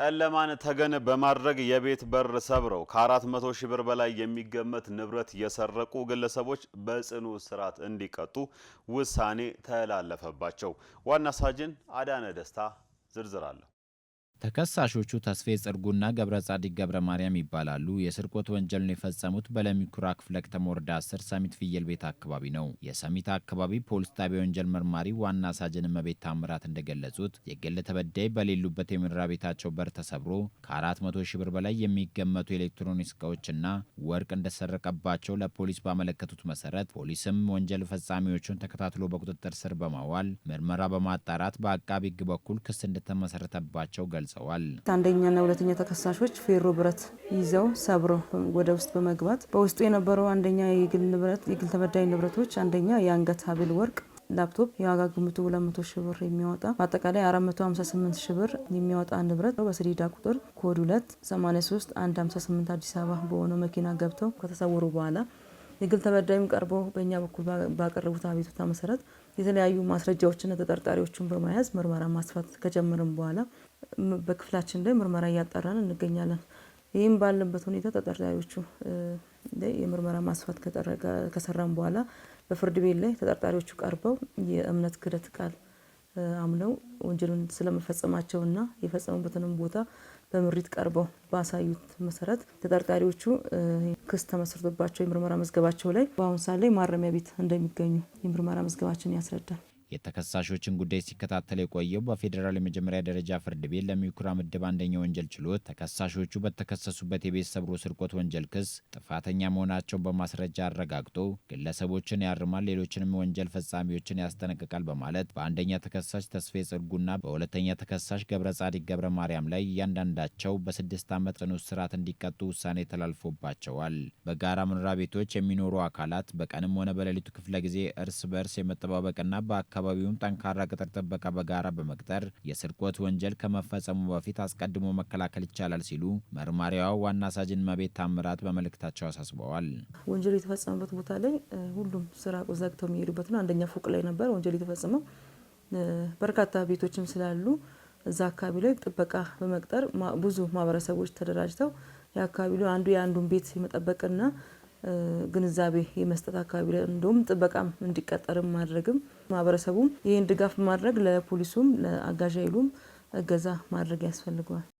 ጨለማን ተገን በማድረግ የቤት በር ሰብረው ከ400 ሺህ ብር በላይ የሚገመት ንብረት የሰረቁ ግለሰቦች በጽኑ እስራት እንዲቀጡ ውሳኔ ተላለፈባቸው። ዋና ሳጅን አዳነ ደስታ ዝርዝር አለሁ ተከሳሾቹ ተስፌ ጽርጉና ገብረ ጻዲቅ ገብረ ማርያም ይባላሉ። የስርቆት ወንጀልን የፈጸሙት በለሚኩራ ክፍለ ከተማ ወረዳ 10 ሰሚት ፍየል ቤት አካባቢ ነው። የሰሚት አካባቢ ፖሊስ ጣቢያ ወንጀል መርማሪ ዋና ሳጅን እመቤት ታምራት እንደገለጹት የግል ተበዳይ በሌሉበት የመኖሪያ ቤታቸው በር ተሰብሮ ከ400 ሺህ ብር በላይ የሚገመቱ የኤሌክትሮኒክስ እቃዎችና ወርቅ እንደሰረቀባቸው ለፖሊስ ባመለከቱት መሰረት ፖሊስም ወንጀል ፈጻሚዎቹን ተከታትሎ በቁጥጥር ስር በማዋል ምርመራ በማጣራት በአቃቢ ሕግ በኩል ክስ እንደተመሰረተባቸው ገልጸዋል። ገልጸዋል። አንደኛና ሁለተኛ ተከሳሾች ፌሮ ብረት ይዘው ሰብሮ ወደ ውስጥ በመግባት በውስጡ የነበረው አንደኛ የግል ንብረት የግል ተበዳይ ንብረቶች አንደኛ የአንገት ሀብል ወርቅ ላፕቶፕ የዋጋ ግምቱ 200 ሺ ብር የሚያወጣ በአጠቃላይ 458 ሺ ብር የሚያወጣ ንብረት በሰሌዳ ቁጥር ኮድ 2 83 158 አዲስ አበባ በሆነው መኪና ገብተው ከተሰወሩ በኋላ የግል ተበዳይም ቀርቦ በእኛ በኩል ባቀረቡት አቤቱታ መሰረት የተለያዩ ማስረጃዎችና ተጠርጣሪዎችን በመያዝ ምርመራ ማስፋት ከጀመርን በኋላ በክፍላችን ላይ ምርመራ እያጣራን እንገኛለን። ይህም ባለበት ሁኔታ ተጠርጣሪዎቹ የምርመራ ማስፋት ከሰራን በኋላ በፍርድ ቤት ላይ ተጠርጣሪዎቹ ቀርበው የእምነት ክደት። ቃል አምነው ወንጀሉን ስለመፈጸማቸውና የፈጸሙበትንም ቦታ በምሪት ቀርበው ባሳዩት መሰረት ተጠርጣሪዎቹ ክስ ተመስርቶባቸው የምርመራ መዝገባቸው ላይ በአሁኑ ሰዓት ላይ ማረሚያ ቤት እንደሚገኙ የምርመራ መዝገባችን ያስረዳል። የተከሳሾችን ጉዳይ ሲከታተል የቆየው በፌዴራል የመጀመሪያ ደረጃ ፍርድ ቤት ለሚኩራ ምድብ አንደኛ ወንጀል ችሎት ተከሳሾቹ በተከሰሱበት የቤት ሰብሮ ስርቆት ወንጀል ክስ ጥፋተኛ መሆናቸውን በማስረጃ አረጋግጦ ግለሰቦችን ያርማል፣ ሌሎችንም ወንጀል ፈጻሚዎችን ያስጠነቅቃል በማለት በአንደኛ ተከሳሽ ተስፌ ጽርጉና በሁለተኛ ተከሳሽ ገብረ ጻዲቅ ገብረ ማርያም ላይ እያንዳንዳቸው በስድስት ዓመት ጽኑ እስራት እንዲቀጡ ውሳኔ ተላልፎባቸዋል። በጋራ መኖሪያ ቤቶች የሚኖሩ አካላት በቀንም ሆነ በሌሊቱ ክፍለ ጊዜ እርስ በእርስ የመጠባበቅና በአካ አካባቢውን ጠንካራ ቅጥር ጥበቃ በጋራ በመቅጠር የስርቆት ወንጀል ከመፈጸሙ በፊት አስቀድሞ መከላከል ይቻላል ሲሉ መርማሪዋ ዋና ሳጅን መቤት ታምራት በመልእክታቸው አሳስበዋል። ወንጀል የተፈጸመበት ቦታ ላይ ሁሉም ስራ ዘግተው የሚሄዱበት ነው። አንደኛ ፎቅ ላይ ነበር ወንጀል የተፈጸመው። በርካታ ቤቶችም ስላሉ እዛ አካባቢ ላይ ጥበቃ በመቅጠር ብዙ ማህበረሰቦች ተደራጅተው የአካባቢ አንዱ የአንዱን ቤት የመጠበቅና ግንዛቤ የመስጠት አካባቢ ላይ እንዲሁም ጥበቃም እንዲቀጠርም ማድረግም ማህበረሰቡም ይህን ድጋፍ ማድረግ ለፖሊሱም ለአጋዥ ኃይሉም እገዛ ማድረግ ያስፈልገዋል።